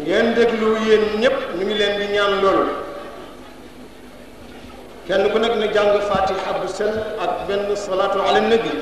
ngeen déglu yéen ñépp ñu ngi leen di ñaan loolu kenn ku nekk na jàng fatiha bu sell ak benn salaatu ala nabi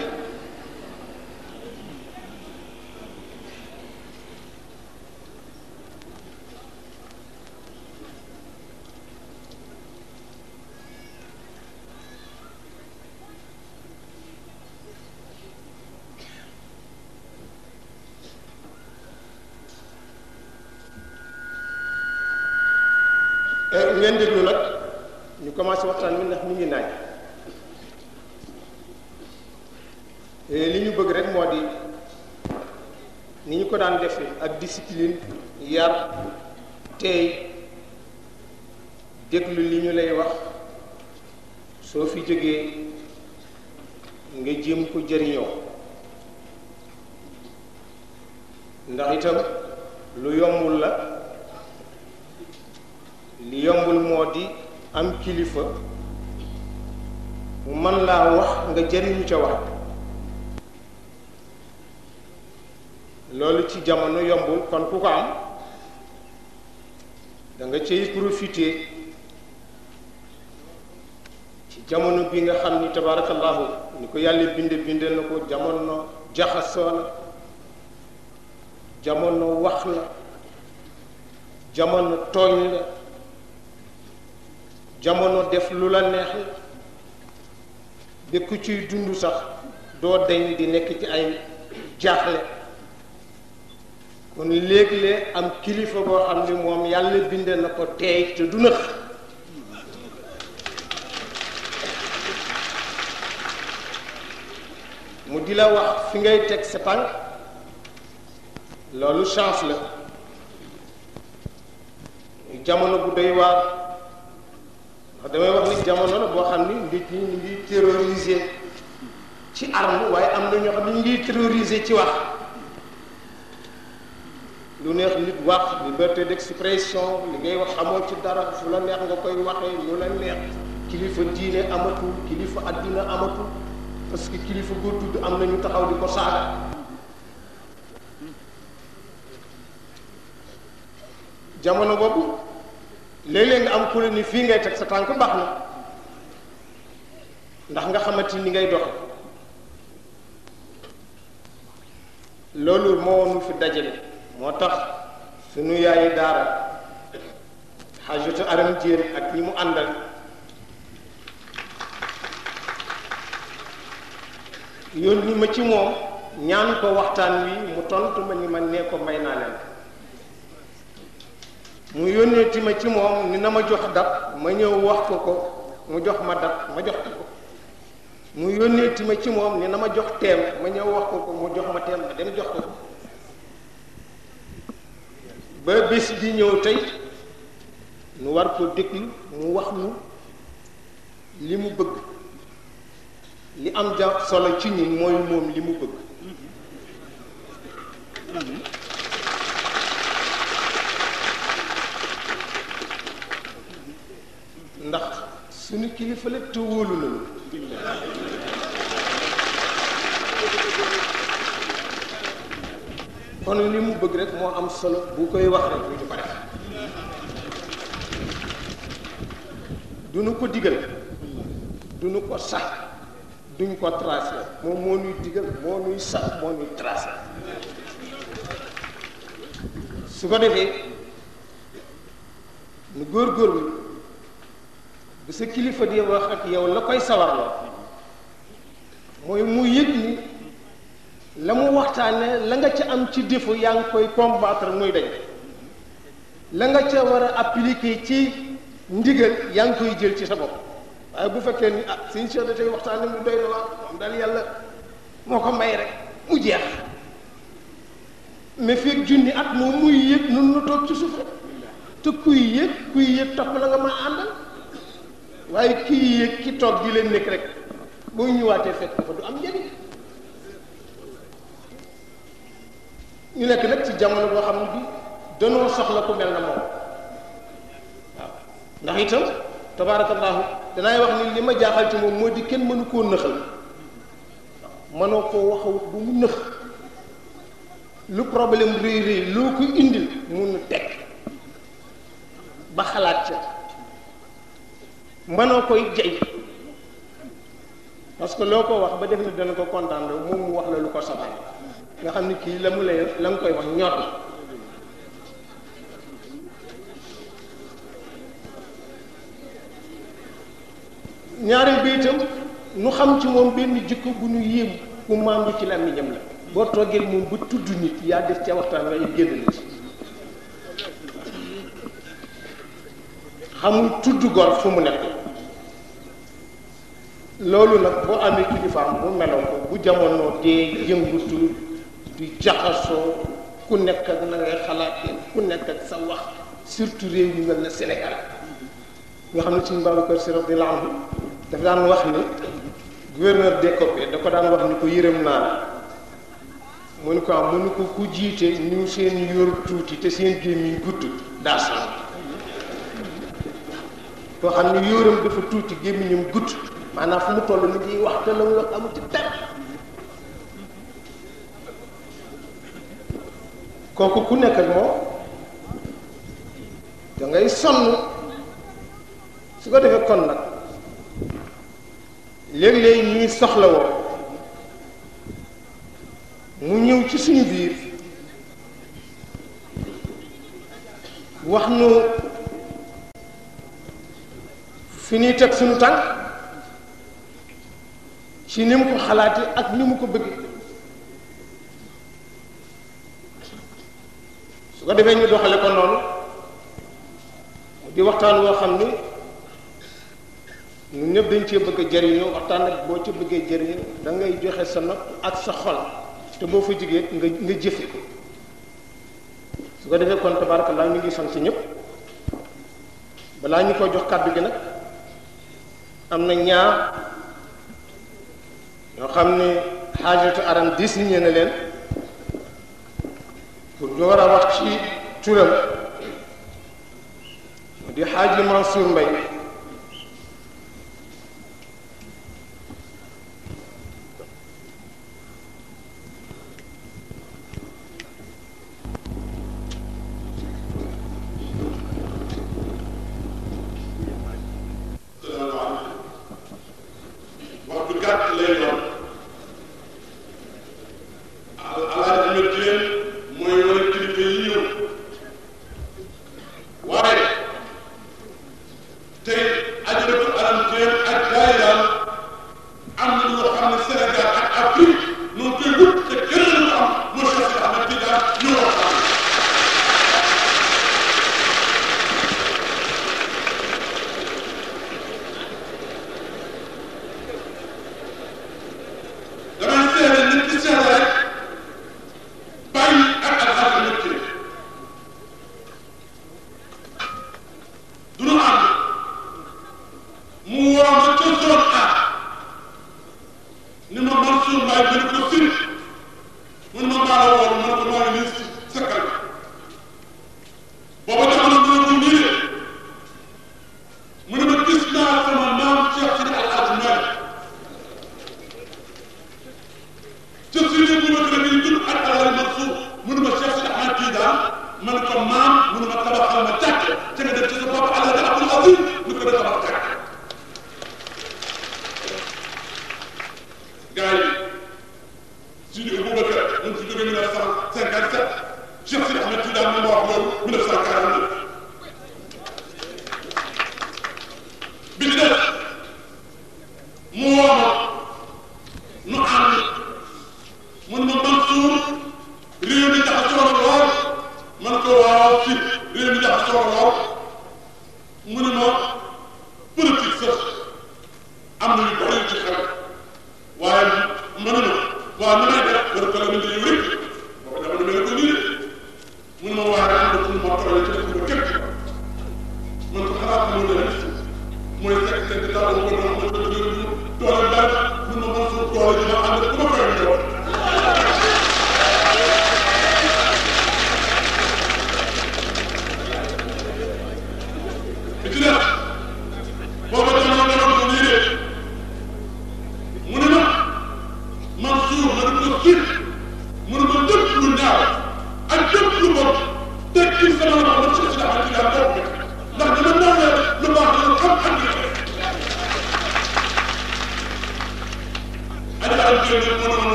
lu yombul la li yombul moo di am kilifa mu mën laa wax nga jëriñu ca wax loolu ci jamono yombul kon ku ko am da nga cay profité ci jamono bi nga xam ni tabaarakallaahu ni ko yàlla binde binde na ko jamono jaxasoo na jamono wax la jamono tooñ la jamono def lu la neex la ba ku ciy dund sax doo deñ di nekk ci ay jaaxle kon léeg-léeg am kilifa boo xam ni moom yàlla bind na ko teey te du mu di la wax fi ngay teg sa loolu chance la jamono bu doy waar ndax damay wax ni jamono la boo xam ni nit ñi ñu ngi ci arme waaye am na ñoo xam ne ñu ngi terroriser ci wax lu neex nit wax liberté d'expression li ngay wax amoo ci dara fu la neex nga koy waxee lu la neex kilifa diine amatul kilifa addina amatul parce que kilifa góor tudd am na ñu taxaw di ko saaga jamono boobu léeg-léeg nga am ku la ni fii ngay teg sa tànk baax na ndax nga xamante ni ngay doxe loolu moo nu fi dajale moo tax sunu yaayu daara xajatu aram jéen ak ñi mu àndal yónni ma ci moom ñaan ko waxtaan wi mu tontu ma ni ma nee ko may naa leen mu yónneeti ma ci moom ni na ma jox dat ma ñëw wax ko ko mu jox ma dat ma jox ko mu yónneeti ma ci moom ni na ma jox teem ma ñëw wax ko ko mu jox ma teem ma dem jox ko ba bés bi ñëw tey nu war ko déglu mu wax nu li mu bëgg li am ja solo ci ñun mooy moom li mu bëgg suñu kilifa la te wóolu nañu kon li mu bëgg rek moo am solo bu koy wax rek bu ñu ko def duñu ko digal duñu ko sax duñ ko tracé moom moo nuy digal moo nuy sax moo nuy tracé su ko defee nu góorgóorlu sa kilifa de wax ak yow la koy sawarloo mooy mu yëg ni la mu waxtaane la nga ca am ci défaut yaa ngi koy combattre mooy dañ la nga ca war a appliquer ci ndigal yaa ngi koy jël ci sa bopp waaye bu fekkee ni ah suñ cheikh da tey waxtaane mu doy na waa moom daal yàlla moo ko may rek mu jeex mais fekk junni at moom muy yëg nu toog ci suuf rek te kuy yëg kuy yëg topp la nga ma àndal waaye kii yéeg ki toog di leen nekk rek boo ñëwaatee fekk ko fa du am njëriñ ñu nekk nag ci jamono boo xam ne bi soxla ku mel na moom ndax itam tabaarakallaahu danaay wax ni li ma jaaxal ci moom moo di kenn mënu koo nëxal waaw mënoo koo wax a mu nëx lu problème réy réy loo ko indil mun tekk ba xalaat ca mënoo koy jey parce que loo ko wax ba def ni dana ko kontaan la moom mu wax la lu ko sabal nga xam ne kii la mu lay la nga koy wax ñor la ñaareel bi nu xam ci moom benn jëkk bu ñu yéem ku maam yi ci làmmiñam la boo toggee moom ba tudd nit yaa def ca waxtaan waaye génn nit xamul tudd gor fu mu nekk loolu nag boo amee kilifaam bu melo ko bu jamono dee yëngutu di jaxasoo ku nekk ak na ngay xalaatee ku nekk ak sa wax surtout réew yu mel ne Sénégal nga xam ne suñu Babacar Sy radiyallahu anhu dafa daan wax ni gouverneur décopé da ko daan wax ni ko yërëm naa la mu ne ko am ah, mu ne ko ku jiite ñu seen yor tuuti te seen gémmiñ gudd daa sànq koo xam ne yóoram dafa tuuti gémmiñam gudd maanaam fu mu toll nit ñi wax te loolu amu ci dara kooku ku nekk ak moom da ngay sonn su ko defee kon nag léeg-léeg ñuy soxla woo mu ñëw ci suñu biir wax nu fi ñuy teg suñu tànk ci ni mu ko xalaate ak ni mu ko bëgg su ko defee ñu doxale ko noonu di waxtaan woo xam ni ñun ñëpp dañ cee bëgg a jëriñoo waxtaan ak boo ci bëggee jëriñoo da ngay joxe sa nopp ak sa xol te boo fa jigee nga nga jëfe ko su ko defee kon tabarakallah ñu ngi sant ñëpp balaa ñu ko jox kàddu gi nag am na ñaar ñoo xam ni xaajatu aram dis ni ñee na leen pour ñu war a wax ci turam di xaaji Mansour Mbaye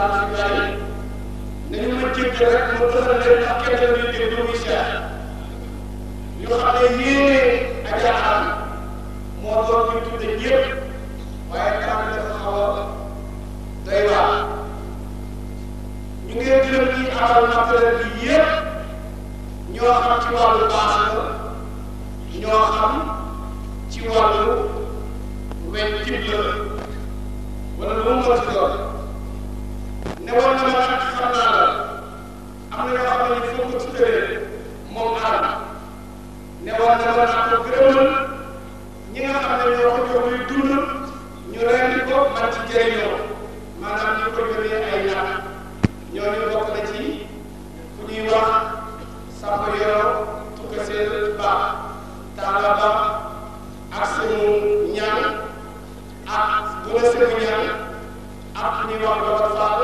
waxtaan ak yàlla nañu ma jéggal rek ma tëral leen ak kenn bi déglu muy seet ñu xam ne yéene ak jaaxaan moo doon ñu tudde ñëpp waaye kàddu dafa xaw a day waar ñu ngi gërëm ñi amal matériel bi yëpp ñoo xam ci wàllu ne war na mën a xam naa la am na ñoo xam ne foo ko moom aar ne war na mën a ko xam ne ñoo ko jox muy dund ñu rendi ko man ci jëriñoo maanaam ñu ko jëlee ay ñax ñooñu bokk na ci ku ñuy wax sàmm yoroo tukka seen baax taala baax ak sunu ñaan ak bu la seen ñaan ak ñuy wax lool faal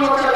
moo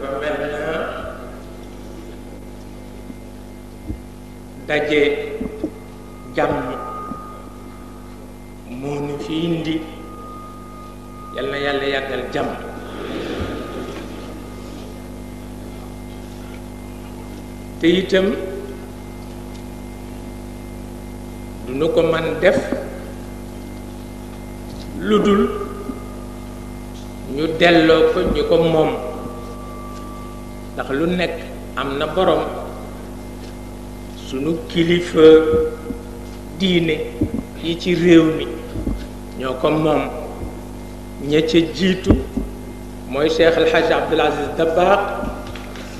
dafa mel na daje jàmm moo nu fi indi yal na yàlla yàggal jàmm te itam duñu ko man def lu dul ñu delloo ko ñu ko moom ndax lu nekk am na boroom sunu kilifa diine yi ci réew mi ñoo ko moom ña ca jiitu mooy Cheikh El Hadj Aziz Dabakh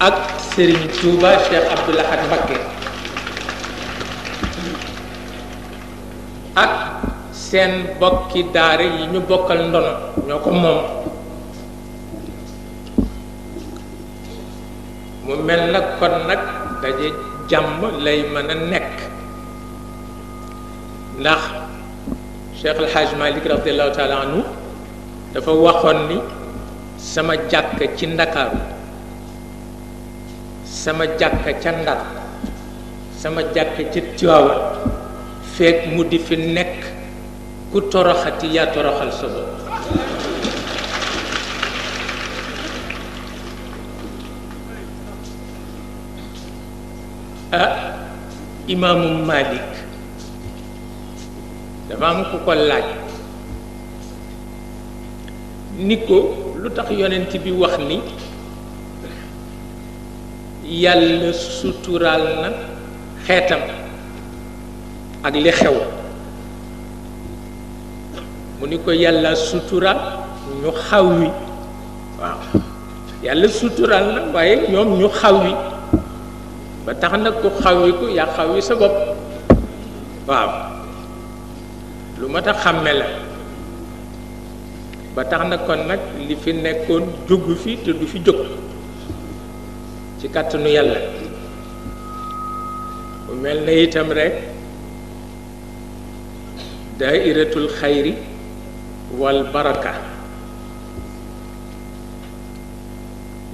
ak Serigne Touba Cheikh Abdoul Ahad Mbacké ak seen bokki daara yi ñu bokkal ndono ñoo ko moom mu mel na kon nag daje jàmm lay mën a nekk ndax Cheikh El Hadj Malick radiallahu taala dafa waxoon ni sama jàkk ci ndakaaru sama jàkk ca ndar sama jàkk ca Tiwaawan feek mu di fi nekk ku toroxati yaa toroxal sa imaamu Malik dafa am ku ko laaj ni ko lu tax yonent bi wax ni yàlla suturaal na xeetam ak li xew mu ni ko yàlla suturaal ñu xaw wi waaw yàlla suturaal na waaye ñoom ñu xaw wi ba tax nag ku yaa xawwi sa bopp waaw lu ma tax xàmme la ba tax na kon nag li fi nekkoon jógu fi te du fi jóg ci kàttanu yàlla mu mel na itam rek daairatul xayri wal baraka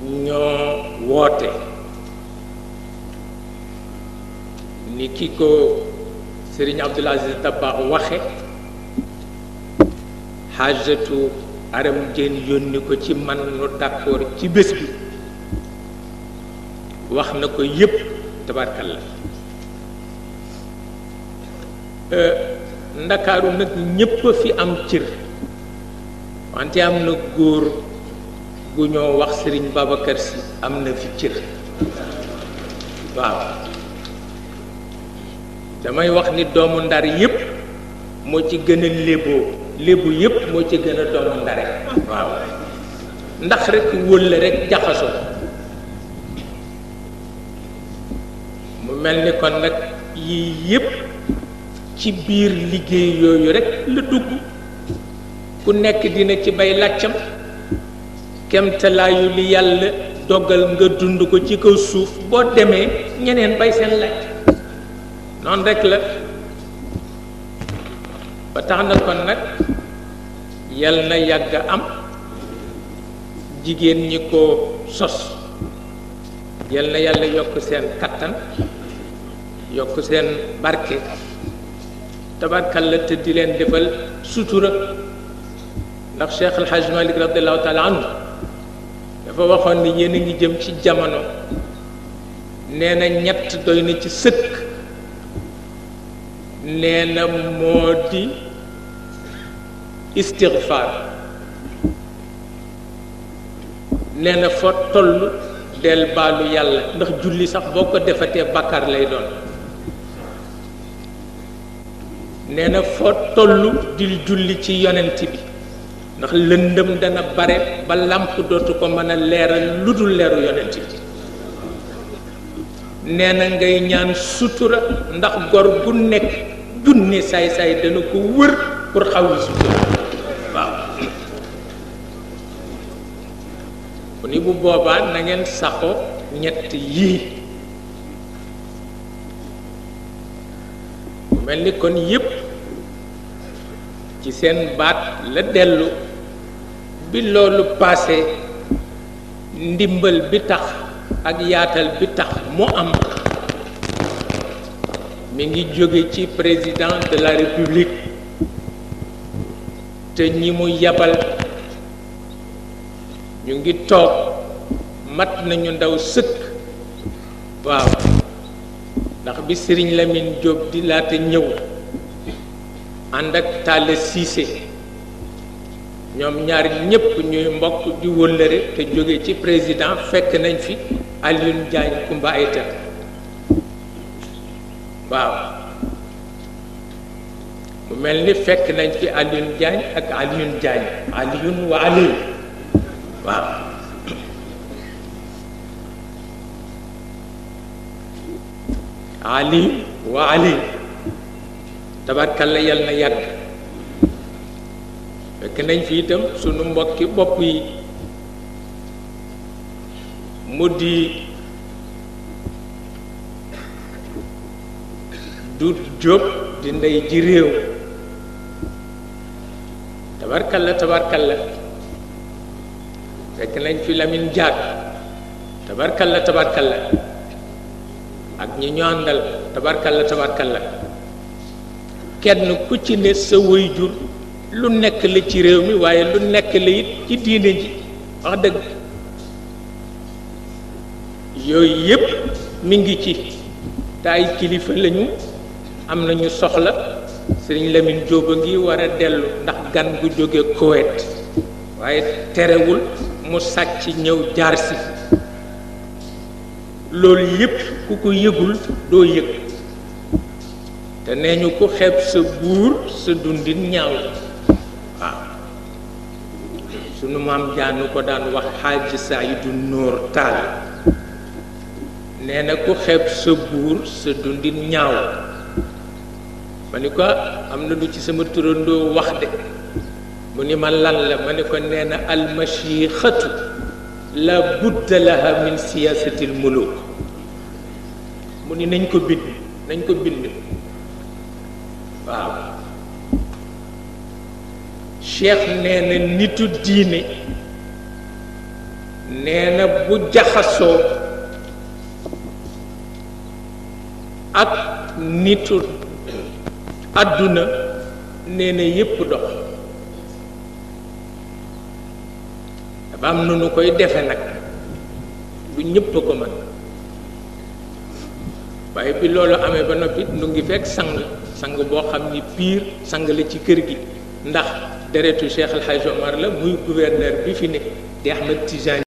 ñoo woote ni ki ko sëriñ Abdul Aziz Dabakh waxe xaajatu aram yónni ko ci man nu d'accord ci bés bi wax na ko yépp tabarkalla euh, ndakaaru nag ñépp a fi am cër wante am na góor gu ñoo wax sëriñ Babacar am na fi cër waaw damay wax ni doomu ndar yépp moo ci gëna a léboo yépp moo ci gën a doomu ndare waaw ndax rekk wólla rek jaxasoo mu mel ni kon nag yi yépp ci biir liggéey yooyu rekk la dugg ku nekk dina ci bay làccam kemtalaayu li yàlla dogal nga dund ko ci kaw suuf boo demee ñeneen bay seen làcc noonu rek la ba tax na kon nag yal na yàgg am jigéen ñi ko sos yal na yàlla yokk seen kattan yokk seen barke tabarkalla te di leen defal sutura ndax Cheikh El Hadj Malick radiallahu taala dafa waxoon ni yéen a ngi jëm ci jamono nee na ñett doy na ci sëkk nee na moo di istigfaar nee na fa toll del baalu yàlla ndax julli sax boo ko defatee bàkkaar lay doon nee na foo toll dil julli ci yonent bi ndax lëndëm dana bare ba làmp dootu ko mën a leeral lu dul leeru yonent bi nee na ngay ñaan sutura ndax gor gu nekk junni saay-saay dana ko wër pour xaw li si waaw ku ni bu boobaa na ngeen saxo ñett yii mu mel ni kon yépp ci seen baat la dellu bi loolu paase ndimbal bi tax ak yaatal bi tax mu am mi ngi jóge ci président de la république te ñi mu yabal ñu ngi toog mat nañu ndaw sëkk waaw ndax bi Sëriñ Lamine Diop di laata ñëw ànd ak Talla Cissé ñoom ñaar ñépp ñuy mbokk di wëllëre te jóge ci président fekk nañ fi Alioune Diagne Kumba Aïta waaw mu mel ni fekk nañ ci Alioune Diagne ak Alioune Diagne Alioune wa Alioune waaw Ali wa Ali tabarkalla yal fekk nañ fi itam sunu mbokki bopp yi mu di du jóg di ndey ji réew tabarkalla tabarkalla fekk nañ fi lamin Lamine Diack tabarkalla tabarkalla ak ñi ñu àndal tabarkalla la kenn ku ci ne sa waajur lu nekk la ci réew mi waaye lu nekk la it ci diine ji wax dëgg yooyu yépp mi ngi ci te ay kilifa lañu am na ñu soxla sëriñ lemin Jóob a ngi war a dellu ndax gan gu jóge Koweït waaye terewul mu sàcc ñëw jaar si loolu yépp ku ko yëgul doo yëg te nee ñu ku xeeb sa buur sa dundin ñaaw waaw sunu maam jaanu ko daan wax xaaji Saydu Nóor Taal nee na ku xeeb sa buur sa dundin ñaaw ma ni ko am na lu ci sama turandoo wax de mu ni ma lan la ma ni ko nee na almashixatu la budda laha min siyaasatil muluk mu ni nañ ko bind nañ ko bind waaw cheikh nee na nitu diine nee na bu jaxasoo ak nitu àdduna nee yépp dox dafa am nu koy defe nag du ñépp ko mën waaye bi loolu amee ba noppit nu ngi fekk sang sang boo xam ni piir sang la ci kër gi ndax deretu Cheikh El Hadj Omar la muy gouverneur bi fi ne di Ahmed Tijani